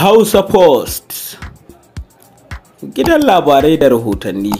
Hausa Post gidan labarai da rahotanni.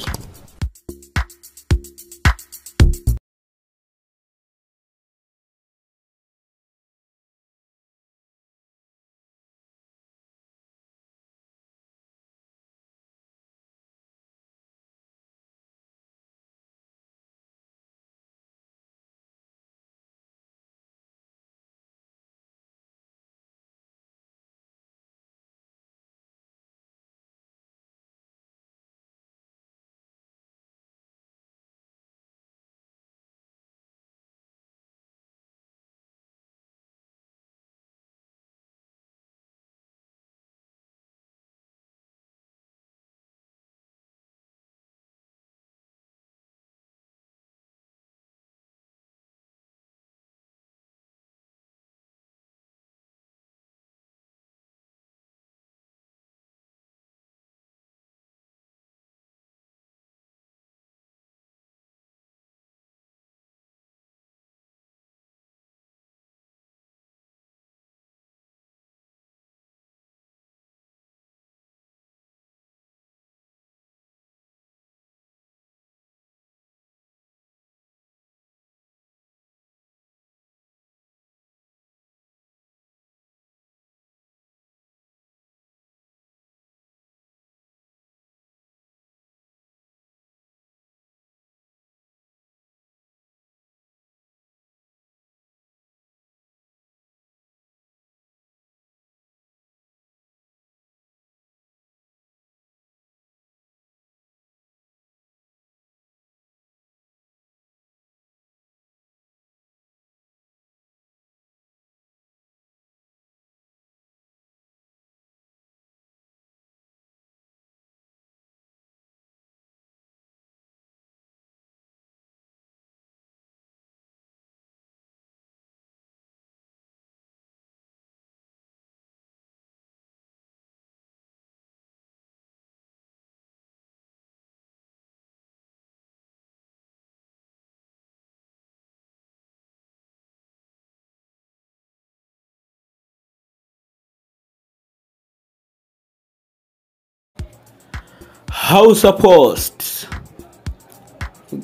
Hausa Post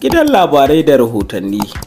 gidan labarai da rahotanni.